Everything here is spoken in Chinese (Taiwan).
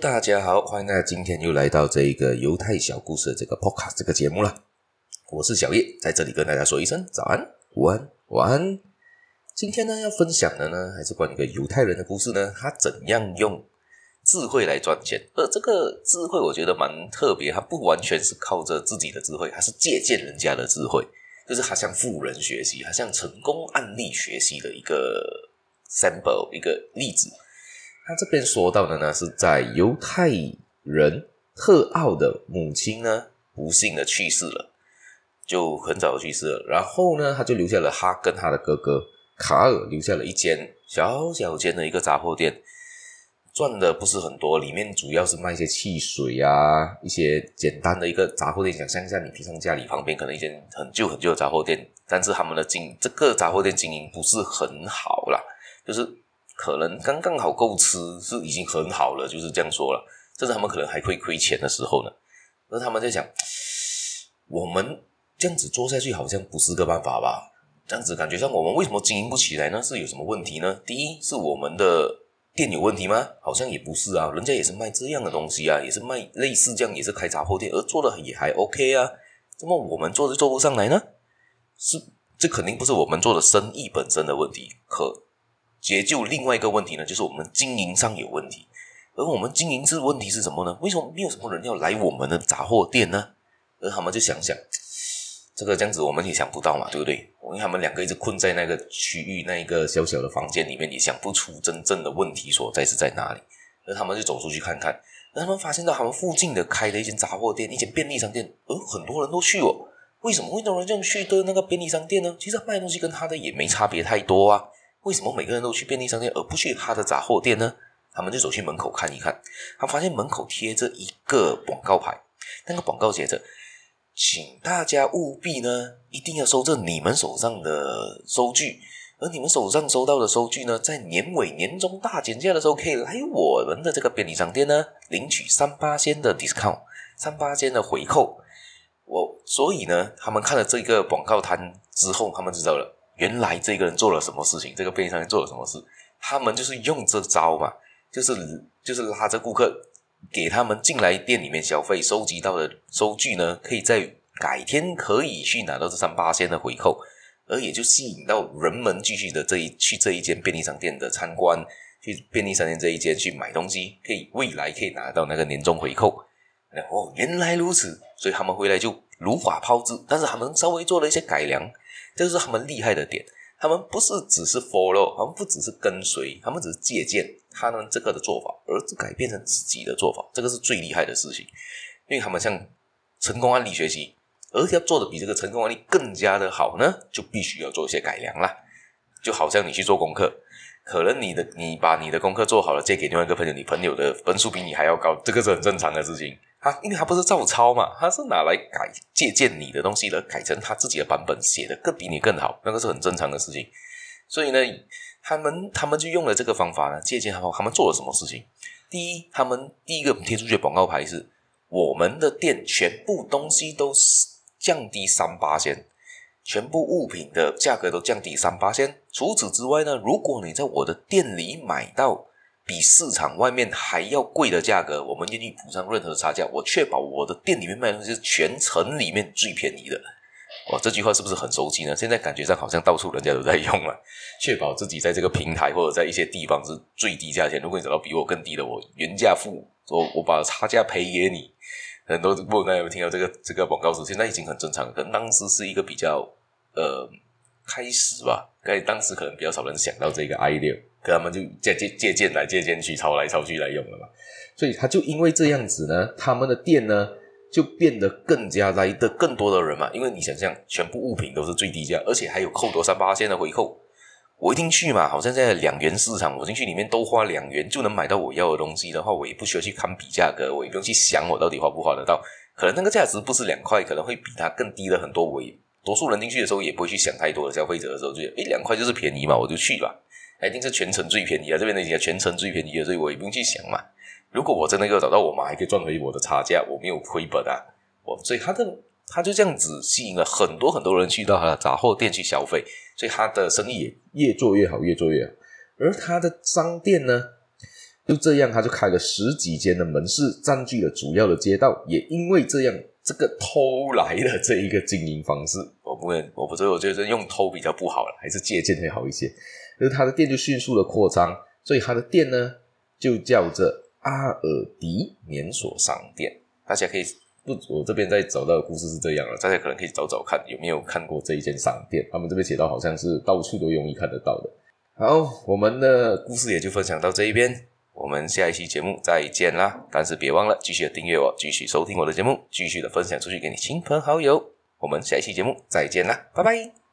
大家好，歡迎大家今天又來到這一個猶太小故事的這個 podcast 這個節目了。我是小葉，在這裡跟大家說一聲早安、午安、晚安。今天呢，要分享的呢，還是關於一個猶太人的故事呢。他怎樣用智慧來賺錢？而、呃、這個智慧，我覺得蠻特別。它不完全是靠着自己的智慧，它是借鑑人家的智慧，就是他向富人學習，他向成功案例學習的一個 sample，一個例子。他這邊說到的呢，是在猶太人特奧的母親呢，不幸的去世了，就很早去世了。然後呢，他就留下了他跟他的哥哥卡爾，留下了一間小小間的一個雜貨店，賺的不是很多。裡面主要是賣一些汽水啊，一些簡單的一個雜貨店，想象一下，你平常家裡旁邊可能一間很舊很舊的雜貨店，但是他們的經營，這個雜貨店經營不是很好啦，就是。可能剛剛好夠吃是已經很好了，就是這樣說了。甚至他們可能還會虧錢的時候呢。那他們在想，我們這樣子做下去好像不是個辦法吧？這樣子感覺像我們為什麼經營不起來呢？是有什麼問題呢？第一是我們的店有問題嗎？好像也不是啊，人家也是賣這樣的東西啊，也是賣類似這樣，也是開雜貨店，而做的也還 OK 啊。怎麼我們做就做不上來呢？是這肯定不是我們做的生意本身的問題，可。解救另外一個問題呢，就是我們經營上有問題，而我們經營這問題是什麼呢？為什麼沒有什麼人要來我們的雜貨店呢？而他們就想想，這個這樣子我們也想不到嘛，對不對？因為他們兩個一直困在那個區域，那一個小小的房間裡面，也想不出真正的問題所在是在哪裡。而他們就走出去看看，而他們發現到他們附近的開的一間雜貨店，一間便利商店，而、呃、很多人都去哦，為什麼為什麼會有人這樣去的那個便利商店呢？其實賣東西跟他的也沒差別太多啊。為什麼每個人都去便利商店，而不去他的雜貨店呢？他們就走去門口看一看，他發現門口貼着一個廣告牌，那個廣告寫着：“請大家務必呢，一定要收著你們手上的收據，而你們手上收到的收據呢，在年尾年終大減價的時候，可以來我們的這個便利商店呢，領取三巴仙的 discount，三巴仙的回扣。我”我所以呢，他們看了這個廣告單之後，他們知道了。原來這個人做了什麼事情，這個便利商店做了什麼事，他們就是用這招嘛，就是就是拉着顧客給他們進來店裡面消費，收集到的收據呢，可以在改天可以去拿到這三巴仙的回扣，而也就吸引到人們繼續的這一去這一間便利商店的參觀，去便利商店這一間去買東西，可以未來可以拿到那個年終回扣。哦，原來如此，所以他們回來就如法炮製，但是他們稍微做了一些改良。這就是他們厲害的點，他們不是只是 follow，他們不只是跟隨，他們只是借鑑他們這個的做法，而是改變成自己的做法，這個是最厲害的事情，因為他們向成功案例學習，而且要做的比這個成功案例更加的好呢，就必須要做一些改良啦，就好像你去做功課。可能你的你把你的功課做好了，借給另外一個朋友，你朋友的分數比你還要高，這個是很正常的事情。他因為他不是照抄嘛，他是拿來改借鑒你的東西了，改成他自己的版本寫的更比你更好，那個是很正常的事情。所以呢，他們他們就用了這個方法呢，借鑒他們他們做了什麼事情？第一，他們第一個貼出去的廣告牌是我們的店全部東西都是降低3%。全部物品的價格都降低三巴仙。除此之外呢，如果你在我的店裡買到比市場外面還要貴的價格，我們願意補上任何差價。我確保我的店裡面賣東西是全城裡面最便宜的。哇，這句話是不是很熟悉呢？現在感覺上好像到處人家都在用了，確保自己在這個平台或者在一些地方是最低價錢。如果你找到比我更低的我，我原價付，我我把差價賠給你。很多不，大家有沒有聽到這個這個廣告詞？現在已經很正常，可能當時是一個比較。呃，開始吧。在當時可能比較少人想到這個 idea，可他們就借借借鑒來借鑒去抄來抄去來用了嘛。所以他就因為這樣子呢，他們的店呢就變得更加來的更多的人嘛。因為你想象，全部物品都是最低價，而且還有扣多3%的回扣。我一定去嘛，好像在兩元市場，我進去裡面都花兩元就能買到我要的東西的話，我也不需要去堪比價格，我也不用去想我到底花不花得到。可能那個價值不是兩塊，可能會比它更低的很多。我也。多數人進去的時候也不會去想太多的，消費者的時候就覺得一兩塊就是便宜嘛，我就去了。一定是全城最便宜啊，這邊那些全城最便宜的，啊，所以我也不用去想嘛。如果我真的要找到我嘛，我嘛還可以賺回我的差價，我沒有虧本啊。我所以他的他就這樣子吸引了很多很多人去到他的雜貨店去消費，所以他的生意也越做越好，越做越好。而他的商店呢，就這樣他就開了十幾間的門市，占據了主要的街道。也因為這樣，這個偷來的這一個經營方式。我我，不知道，我覺得用偷比較不好了，還是借鑒會好一些。那他的店就迅速的擴張，所以他的店呢就叫做阿爾迪連鎖商店。大家可以不，我這邊在找到的故事是這樣了，大家可能可以找找看有沒有看過這一間商店。他們這邊寫到好像是到處都容易看得到的。好，我們的故事也就分享到這一邊，我們下一期節目再見啦！但是別忘了繼續訂閱我，繼續收聽我的節目，繼續的分享出去給你親朋好友。我們下一期節目再見啦，拜拜。